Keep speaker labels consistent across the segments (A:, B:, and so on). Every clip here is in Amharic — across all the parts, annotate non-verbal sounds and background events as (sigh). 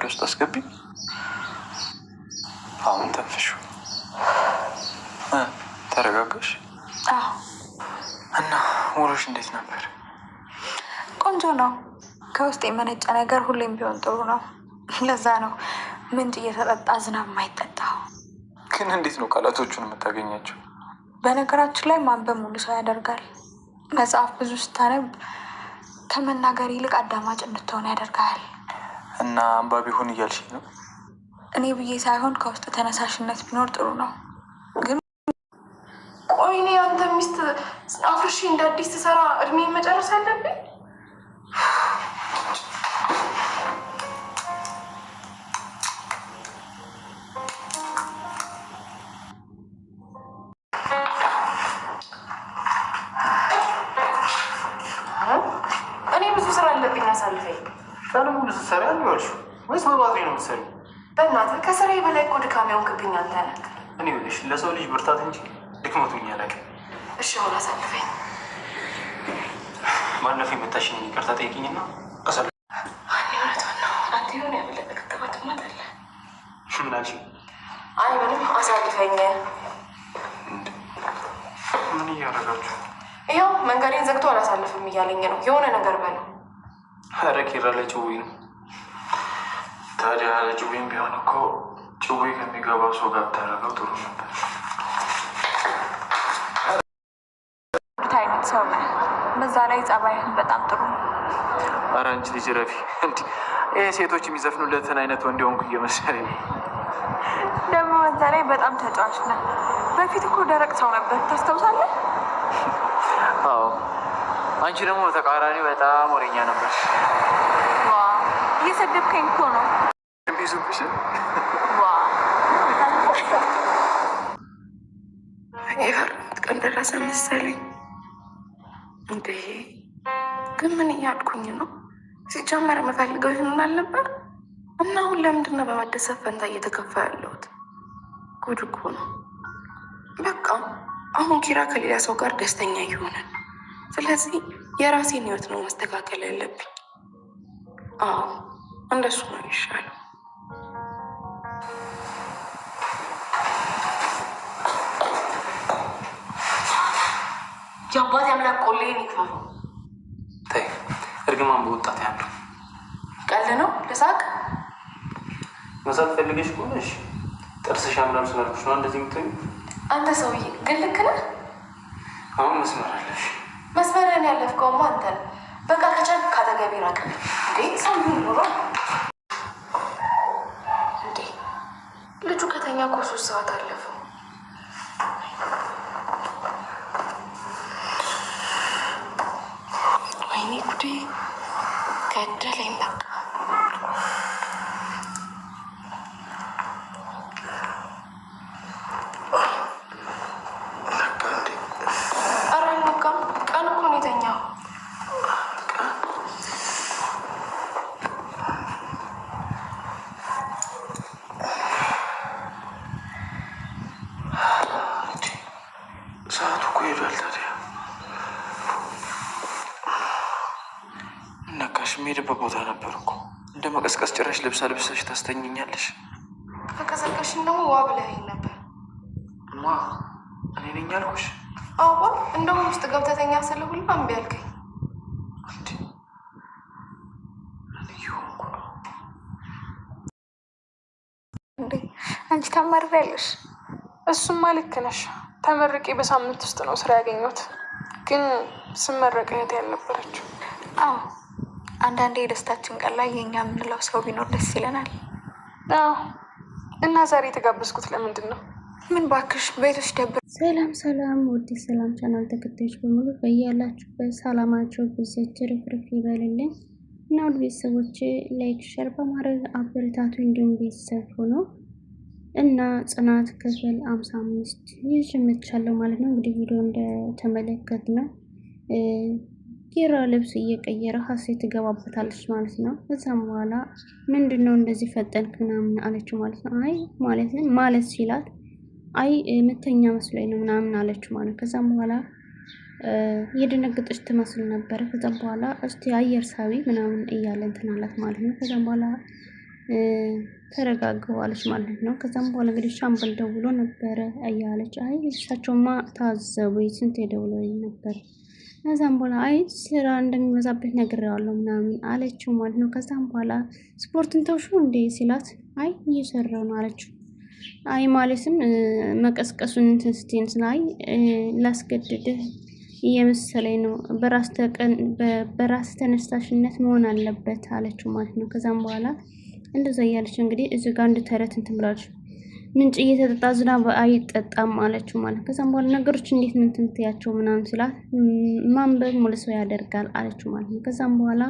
A: ወደ ውስጥ አስገቢ። አሁን ተንፍሹ። ተረጋጋሽ እና ውሎሽ እንዴት ነበር?
B: ቆንጆ ነው። ከውስጥ የመነጨ ነገር ሁሌም ቢሆን ጥሩ ነው። ለዛ ነው ምንጭ እየተጠጣ ዝናብ ማይጠጣ?
A: ግን እንዴት ነው ቃላቶቹን የምታገኛቸው?
B: በነገራችን ላይ ማንበብ ሙሉ ሰው ያደርጋል። መጽሐፍ ብዙ ስታነብ ከመናገር ይልቅ አዳማጭ እንድትሆን ያደርጋል።
A: እና አንባቢ ሆን እያልሽ ነው?
B: እኔ ብዬ ሳይሆን ከውስጥ ተነሳሽነት ቢኖር ጥሩ ነው። ግን ቆይ እኔ አንተ ሚስት አፍርሽ እንደ አዲስ ትሰራ እድሜ መጨረስ አለብኝ? እኔ ብዙ ስራ አለብኝ አሳልፈኝ
A: ቀኑ ሙሉ ስትሰሪ አልዋልሽ ወይስ በባትሪ ነው የምትሰሪው?
B: በእናትህ ከስራዬ በላይ እኮ ድካም ያውቅብኝ አንተ ነህ።
A: እኔ ብለሽ ለሰው ልጅ ብርታት እንጂ ድክመቱኝ አላውቅም።
B: እሺ አሁን አሳልፈኝ።
A: ማለፍ የመታሽኝ ይቅርታ ጠይቅኝና አሳል ምን አልሽ?
B: አይ ምንም አሳልፈኝ።
A: ምን እያደረጋችሁ?
B: ይኸው መንገዴን ዘግቶ አላሳልፍም እያለኝ ነው። የሆነ ነገር በለው
A: ኧረ ኪራ ለጭዌ ነው። ታዲያ ለጭዌም ቢሆን እኮ ጭዊ ከሚገባ ሰው ጋር ብታደርገው ጥሩ ነበር።
B: አይነት ሰው በዛ ላይ ጸባይህን በጣም ጥሩ ነው።
A: ኧረ አንቺ ልጅ ረፊ እንዲህ ይሄ ሴቶች የሚዘፍኑለትን አይነት ወንድ ሆንኩ እየመሰለኝ
B: ደግሞ በዛ ላይ በጣም ተጫዋች ነህ። በፊት እኮ ደረቅ ሰው ነበር፣ ታስታውሳለህ?
A: አዎ አንቺ ደግሞ በተቃራኒ በጣም ወሬኛ ነበር።
B: እየሰደብከኝ እኮ ነው። የፈራሁት ቀን ደረሰ መሰለኝ። እንደ ግን ምን እያልኩኝ ነው? ሲጀመር የምፈልገው ይሆን አልነበር እና አሁን ለምንድን ነው በመደሰት ፈንታ እየተከፋ ያለሁት? ጉድ እኮ ነው። በቃ አሁን ኪራ ከሌላ ሰው ጋር ደስተኛ ይሆናል። ስለዚህ የራሴን ህይወት ነው ማስተካከል ያለብኝ። አዎ እንደሱ ነው ይሻለው። የአባት አምላክ ቆሌ ይክፋፋ።
A: ተይ እርግማን በወጣት ያለው
B: ቀልድ ነው። ልሳቅ
A: መሳት ፈልገሽ ቆለሽ ጥርስሽ ያምራል ስላልኩሽ ነው እንደዚህ የምትሆኝ።
B: አንተ ሰውዬ ግን ልክ ነህ። አሁን መስመር ብለን ያለፍከውማ አንተ ነው። በቃ ከቻልክ ካጠገቤ ራቅ። እንዴ ሰው ኑሮ እንዴ ልጁ ከተኛ እኮ ሶስት ሰዓት አለፈ።
A: የምሄድበት ቦታ ነበር እኮ እንደ መቀስቀስ ጭራሽ ልብሳ ልብሰሽ ታስተኝኛለሽ።
B: ከቀዘቀሽን ደግሞ ዋ ብለኸኝ ነበር።
A: ማ እኔ ነኝ ያልኩሽ?
B: አዎ፣ እንደውም ውስጥ ገብተህ ተኛ ስል ሁሉ እምቢ አልከኝ። አንቺ ታማሪያለሽ። እሱማ ልክ ነሽ። ተመርቄ በሳምንት ውስጥ ነው ስራ ያገኘሁት፣ ግን ስመረቅ እህቴ ያልነበረችው። አዎ አንዳንዴ የደስታችን ቀን ላይ የኛ የምንለው ሰው ቢኖር ደስ ይለናል። እና ዛሬ የተጋበዝኩት ለምንድን ነው? ምን ባክሽ ቤቶች ደብር።
C: ሰላም ሰላም፣ ውድ ሰላም ቻናል ተከታዮች በሙሉ በያላችሁበት ሰላማቸው ብዘች ርፍርፍ ይበልልኝ እና ውድ ቤተሰቦች ላይክ፣ ሸር በማድረግ አበረታቱ። እንዲሁም ቤተሰብ ሆኖ እና ጽናት ክፍል አምሳ አምስት ይዤ መጥቻለሁ ማለት ነው። እንግዲህ ቪዲዮ እንደተመለከት ነው ኪራ ልብስ እየቀየረ ሀሴት ትገባበታለች ማለት ነው። ከዛም በኋላ ምንድን ነው እንደዚህ ፈጠንክ ምናምን አለችው ማለት ነው። አይ ማለት ምን ማለት ሲላት፣ አይ ምተኛ መስሎኝ ነው ምናምን አለችው ማለት ነው። ከዛም በኋላ የደነገጠች ትመስል ነበረ። ከዛም በኋላ እስቲ አየር ሳቢ ምናምን እያለ እንትን አላት ማለት ነው። ከዛም በኋላ ተረጋግዋለች ማለት ነው። ከዛም በኋላ እንግዲህ ሻምበል ደውሎ ነበረ እያለች አይ እሳቸውማ ታዘቡ ስንት ደውሎ ነበር ከዛም በኋላ አይ ስራ እንደሚበዛበት ነግሬዋለሁ ምናምን አለችው ማለት ነው። ከዛም በኋላ ስፖርትን ተውሹ እንዴ ሲላት አይ እየሰራው ነው አለችው። አይ ማለትም መቀስቀሱን እንትን ስቴን ስላይ ላስገድድህ እየመሰለኝ ነው በራስ ተነሳሽነት መሆን አለበት አለችው ማለት ነው። ከዛም በኋላ እንደዛ እያለች እንግዲህ እዚህ ጋር አንድ እንትን ብላለች። ምንጭ እየተጠጣ ዝናብ አይጠጣም አለችው ማለት። ከዛም በኋላ ነገሮች እንዴት ነው እንትን ምናምን ስላት ማንበብ ሙሉ ሰው ያደርጋል አለችው ማለት ነው። ከዛም በኋላ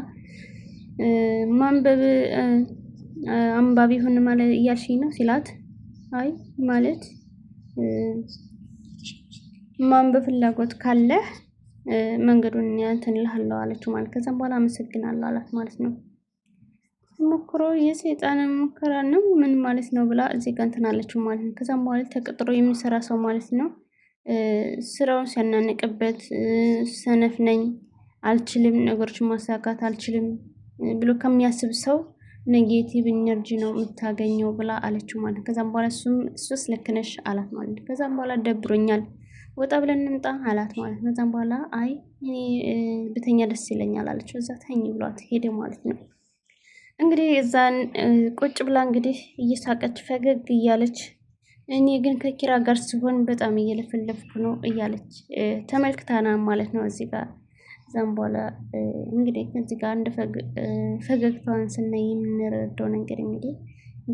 C: ማንበብ አንባቢ ሆን ማለት እያልሽኝ ነው ሲላት አይ ማለት ማንበብ ፍላጎት ካለህ መንገዱን እንትን እልሃለሁ አለችው ማለት። ከዛም በኋላ አመሰግናለሁ አላት ማለት ነው። ሙክሮ የሰይጣን ሙከራ ነው ምን ማለት ነው ብላ እዚህ ጋር እንትን አለችው ማለት ነው። ከዛም በኋላ ተቀጥሮ የሚሰራ ሰው ማለት ነው ስራውን ሲያናንቅበት ሰነፍ ነኝ አልችልም፣ ነገሮችን ማሳካት አልችልም ብሎ ከሚያስብ ሰው ኔጌቲቭ ኢነርጂ ነው የምታገኘው ብላ አለችው ማለት ነው። ከዛም በኋላ እሱም እሱስ ልክ ነሽ አላት ማለት ነው። ከዛም በኋላ ደብሮኛል ወጣ ብለን እንምጣ አላት ማለት ነው። ከዛም በኋላ አይ እኔ ብተኛ ደስ ይለኛል አለችው። እዛ ተኝ ብሏት ሄደ ማለት ነው። እንግዲህ እዛን ቁጭ ብላ እንግዲህ እየሳቀች ፈገግ እያለች እኔ ግን ከኪራ ጋር ሲሆን በጣም እየለፈለፍኩ ነው እያለች ተመልክታና ማለት ነው እዚህ ጋር እዛም በኋላ እንግዲህ እዚህ ጋር አንድ ፈገግታዋን ስናይ የምንረዳው ነገር እንግዲህ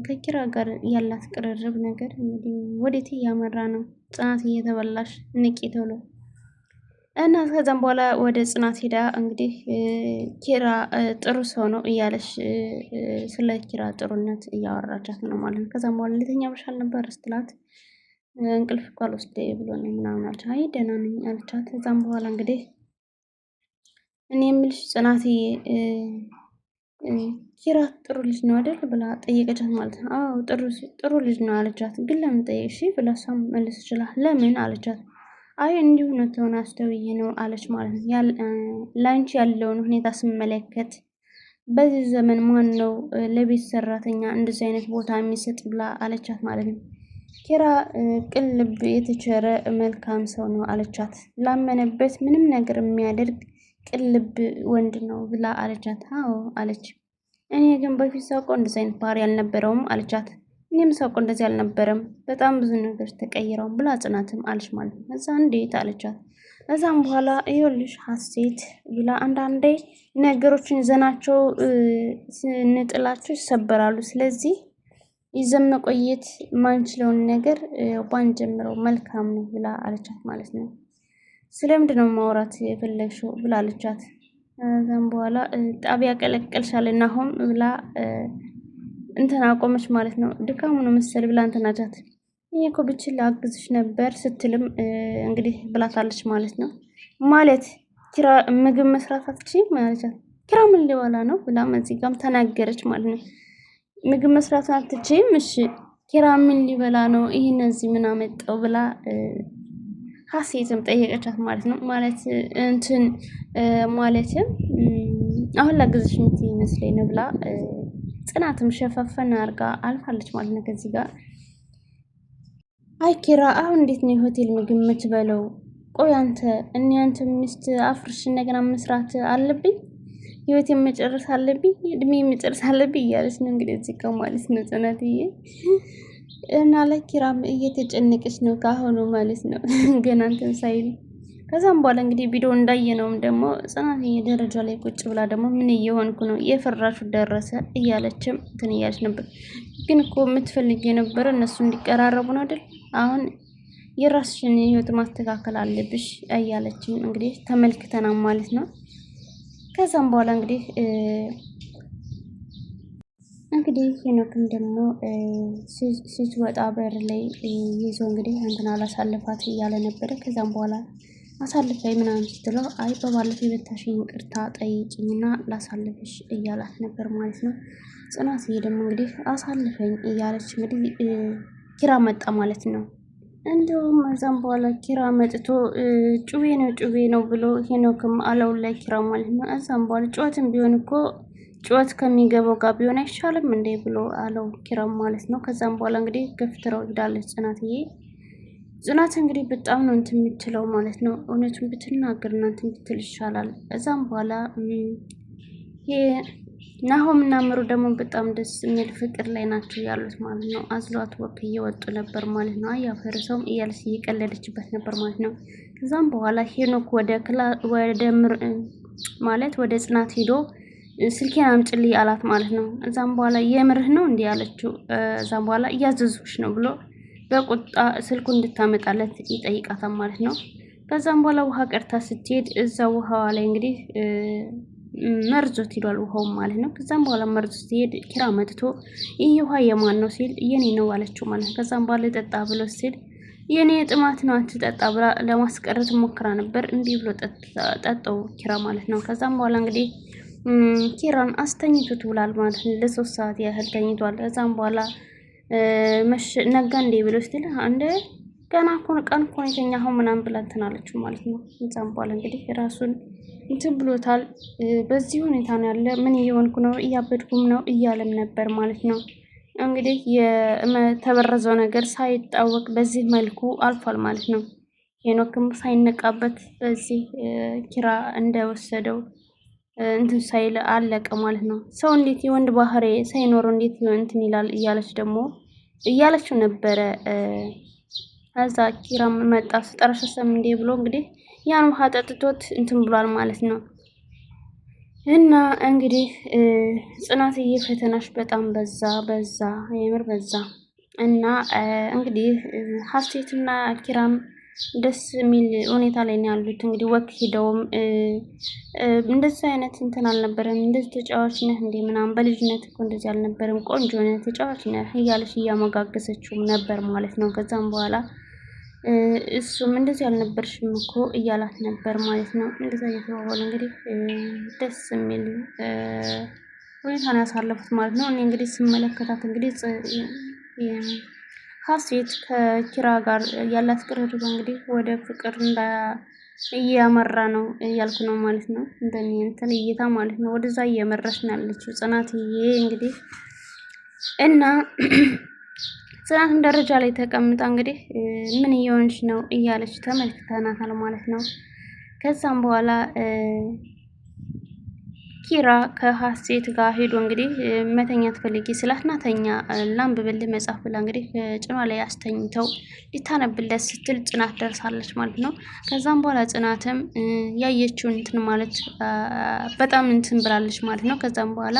C: ከኪራ ጋር ያላት ቅርርብ ነገር እንግዲህ ወዴት እያመራ ነው? ጽናት እየተበላሽ ንቂ ተብሎ እና ከዛም በኋላ ወደ ጽናት ሄዳ እንግዲህ ኪራ ጥሩ ሰው ነው እያለች ስለ ኪራ ጥሩነት እያወራቻት ነው ማለት ነው። ከዛም በኋላ ልተኛ ብሻል ነበር ስትላት እንቅልፍ እኮ አልወስደኝ ብሎ ነው ምናምን አለች። አይ ደህና ነኝ አለቻት። ከዛም በኋላ እንግዲህ እኔ የምልሽ ጽናትዬ ኪራ ጥሩ ልጅ ነው አይደል ብላ ጠየቀቻት ማለት ነው። አዎ ጥሩ ልጅ ነው አለቻት። ግን ለምን ጠየቅሽ ብላ እሷም መልስ ይችላል ለምን አለቻት አይ እንዲሁ ነው ትሆን ነው አለች ማለት ነው። ላንቺ ያለውን ሁኔታ ስመለከት በዚህ ዘመን ማን ነው ለቤት ሰራተኛ እንደዚህ አይነት ቦታ የሚሰጥ ብላ አለቻት ማለት ነው። ኪራ ቅልብ የተቸረ መልካም ሰው ነው አለቻት። ላመነበት ምንም ነገር የሚያደርግ ቅልብ ወንድ ነው ብላ አለቻት። አዎ አለች። እኔ ግን በፊት ሳውቀው እንደዚህ አይነት ባህሪ አልነበረውም አለቻት። እኔም ሳውቀው እንደዚህ አልነበረም በጣም ብዙ ነገር ተቀይረው ብላ ጽናትም አለች ማለት ነው። እዛ እንዴት አለቻት። እዛም በኋላ ይኸውልሽ ሀሴት ብላ አንዳንዴ ነገሮችን ይዘናቸው ስንጥላቸው ይሰበራሉ። ስለዚህ ይዘን መቆየት ማንችለውን ነገር ጀምረው መልካም ነው ብላ አለቻት ማለት ነው። ስለምንድን ነው ማውራት የፈለግሽው ብላ አለቻት። እዛም በኋላ ጣቢያ ቀለቀልሻልና አሁን ብላ እንትን አቆመች ማለት ነው። ድካሙ ነው መሰል ብላ እንትን ይሄ እኔ እኮ ብችል ላግዝሽ ነበር ስትልም እንግዲህ ብላታለች ማለት ነው። ማለት ኪራ ምግብ መስራት አትችይም ማለት ኪራ ምን ሊበላ ነው ብላም እዚህ ጋም ተናገረች ማለት ነው። ምግብ መስራት አትችይም እሺ ኪራ ምን ሊበላ ነው ይህን እዚህ ምን አመጣው ብላ ሀሴትም ጠየቀቻት ማለት ነው። ማለት እንትን ማለትም አሁን ላግዝሽ የምትይ ይመስለኝ ነው ብላ ጽናትም ሸፈፈን አርጋ አልፋለች ማለት ነው። ከዚህ ጋር አይ ኪራ፣ አሁን እንዴት ነው የሆቴል ምግብ የምትበለው? ቆይ አንተ እኔ አንተ ሚስት አፍርሽ እንደገና መስራት አለብኝ፣ ህይወት መጨረስ አለብኝ፣ እድሜ መጨረስ አለብኝ እያለች ነው እንግዲህ እዚህ ጋር ማለት ነው ጽናትዬ እና ለኪራም እየተጨነቀች ነው ካሁኑ ማለት ነው (laughs) ገና እንትን ሳይል ከዛም በኋላ እንግዲህ ቪዲዮ እንዳየነውም ደግሞ ጽናት የደረጃ ላይ ቁጭ ብላ ደግሞ ምን እየሆንኩ ነው የፈራሹ ደረሰ እያለችም እንትን እያለች ነበር። ግን እኮ የምትፈልግ የነበረ እነሱ እንዲቀራረቡ ነው አይደል? አሁን የራስሽን ህይወት ማስተካከል አለብሽ እያለችም እንግዲህ ተመልክተናል ማለት ነው። ከዛም በኋላ እንግዲህ እንግዲህ ሄኖክን ደግሞ ስትወጣ በር ላይ ይዞ እንግዲህ እንትን አላሳልፋት እያለ ነበረ። ከዛም በኋላ አሳልፈ ምናምን ስትለው አይ በባለፈው የመታሽኝ ይቅርታ ጠይቂኝና ላሳልፍሽ እያላት ነበር ማለት ነው። ጽናትዬ ደግሞ እንግዲህ አሳልፈኝ እያለች እንግዲህ ኪራ መጣ ማለት ነው። እንዲሁም እዛም በኋላ ኪራ መጥቶ ጩቤ ነው ጩቤ ነው ብሎ ሄኖክም አለው ላይ ኪራ ማለት ነው። እዛም በኋላ ጩኸትም ቢሆን እኮ ጩኸት ከሚገባው ጋር ቢሆን አይሻልም እንዴ ብሎ አለው ኪራም ማለት ነው። ከዛም በኋላ እንግዲህ ገፍትረው ሄዳለች ጽናትዬ ጽናት እንግዲህ በጣም ነው እንትን የምትለው ማለት ነው። እውነቱን ብትናገር እናንተ ብትል ይሻላል። እዛም በኋላ ናሆም እና ምሩ ደግሞ በጣም ደስ የሚል ፍቅር ላይ ናቸው ያሉት ማለት ነው። አዝሏት ወክ እየወጡ ነበር ማለት ነው። አያፈርሰውም እያለች እየቀለደችበት ነበር ማለት ነው። ከዛም በኋላ ሄኖክ ወደ ማለት ወደ ጽናት ሄዶ ስልኬን አምጪልኝ አላት ማለት ነው። እዛም በኋላ የምርህ ነው እንዲህ ያለችው እዛም በኋላ እያዘዙች ነው ብሎ በቁጣ ስልኩ እንድታመጣለት ይጠይቃታል ማለት ነው። ከዛም በኋላ ውሃ ቀርታ ስትሄድ እዛ ውሃዋ ላይ እንግዲህ መርዞት ይሏል ውሃውም ማለት ነው። ከዛም በኋላ መርዞ ስትሄድ ኪራ መጥቶ ይህ ውሃ የማን ነው ሲል የኔ ነው አለችው ማለት ነው። ከዛም በኋላ ጠጣ ብሎ ሲል የኔ ጥማት ነው አትጠጣ ብላ ለማስቀረት ሞክራ ነበር። እንዲህ ብሎ ጠጠው ኪራ ማለት ነው። ከዛም በኋላ እንግዲህ ኪራን አስተኝቶት ውሏል ማለት ነው። ለሶስት ሰዓት ያህል ተኝቷል። ከዛም በኋላ ነጋ እንዴ ብሎ ስትል አንድ ገና ቀን ኮን የተኛ አሁን ምናምን ብላ እንትን አለችው ማለት ነው። እዛም በኋላ እንግዲህ ራሱን እንትን ብሎታል። በዚህ ሁኔታ ነው ያለ። ምን እየሆንኩ ነው እያበድኩም ነው እያለም ነበር ማለት ነው። እንግዲህ የተበረዘው ነገር ሳይታወቅ በዚህ መልኩ አልፏል ማለት ነው። ሄኖክም ሳይነቃበት በዚህ ኪራ እንደወሰደው እንትን ሳይል አለቀ ማለት ነው። ሰው እንዴት የወንድ ባህሪ ሳይኖረው እንዴት እንትን ይላል እያለች ደግሞ እያለችው ነበረ። አዛ ኪራም መጣ ስጠረሸሰም እንዴ ብሎ እንግዲህ ያን ውሃ ጠጥቶት እንትን ብሏል ማለት ነው። እና እንግዲህ ጽናትዬ ፈተናሽ በጣም በዛ በዛ የምር በዛ። እና እንግዲህ ሀሴትና ኪራም ደስ የሚል ሁኔታ ላይ ነው ያሉት። እንግዲህ ወክ ሄደውም እንደዚህ አይነት እንትን አልነበረም። እንደዚህ ተጫዋች ነህ እንዴ ምናምን፣ በልጅነት እኮ እንደዚህ አልነበረም፣ ቆንጆ ነህ፣ ተጫዋች ነህ እያለች እያመጋገሰችውም ነበር ማለት ነው። ከዛም በኋላ እሱም እንደዚህ አልነበርሽም እኮ እያላት ነበር ማለት ነው። እንደዛ እየተባባሉ እንግዲህ ደስ የሚል ሁኔታ ነው ያሳለፉት ማለት ነው። እኔ እንግዲህ ስመለከታት እንግዲህ ሀሴት ከኪራ ጋር ያላት ቅርርብ እንግዲህ ወደ ፍቅር እያመራ ነው እያልኩ ነው ማለት ነው። እንደኔ እንትን እይታ ማለት ነው ወደዛ እየመራች ነው ያለችው ጽናትዬ እንግዲህ እና ጽናትም ደረጃ ላይ ተቀምጣ እንግዲህ ምን እየሆንች ነው እያለች ተመልክተናታል ማለት ነው። ከዛም በኋላ ኪራ ከሀሴት ጋር ሄዶ እንግዲህ መተኛ ትፈልጊ ስላት ናተኛ ላንብብልህ መጽሐፍ ብላ እንግዲህ ጭኗ ላይ አስተኝተው ሊታነብለት ስትል ጽናት ደርሳለች ማለት ነው። ከዛም በኋላ ጽናትም ያየችው እንትን ማለት በጣም እንትን ብላለች ማለት ነው። ከዛም በኋላ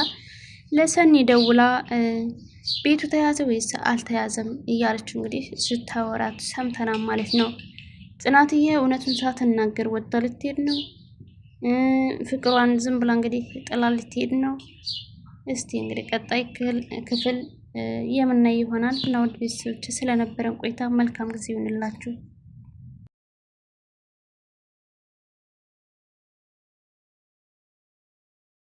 C: ለሰኒ ደውላ ቤቱ ተያዘ ወይስ አልተያዘም እያለችው እንግዲህ ስታወራት ሰምተናም ማለት ነው። ጽናትዬ እውነቱን ሳትናገር ወጥታ ልትሄድ ነው ፍቅሯን ዝም ብላ እንግዲህ ጥላ ልትሄድ ነው። እስቲ እንግዲህ ቀጣይ ክፍል የምናይ ይሆናል እና ውድ ቤተሰቦች ስለነበረን ቆይታ መልካም ጊዜ ይሁንላችሁ።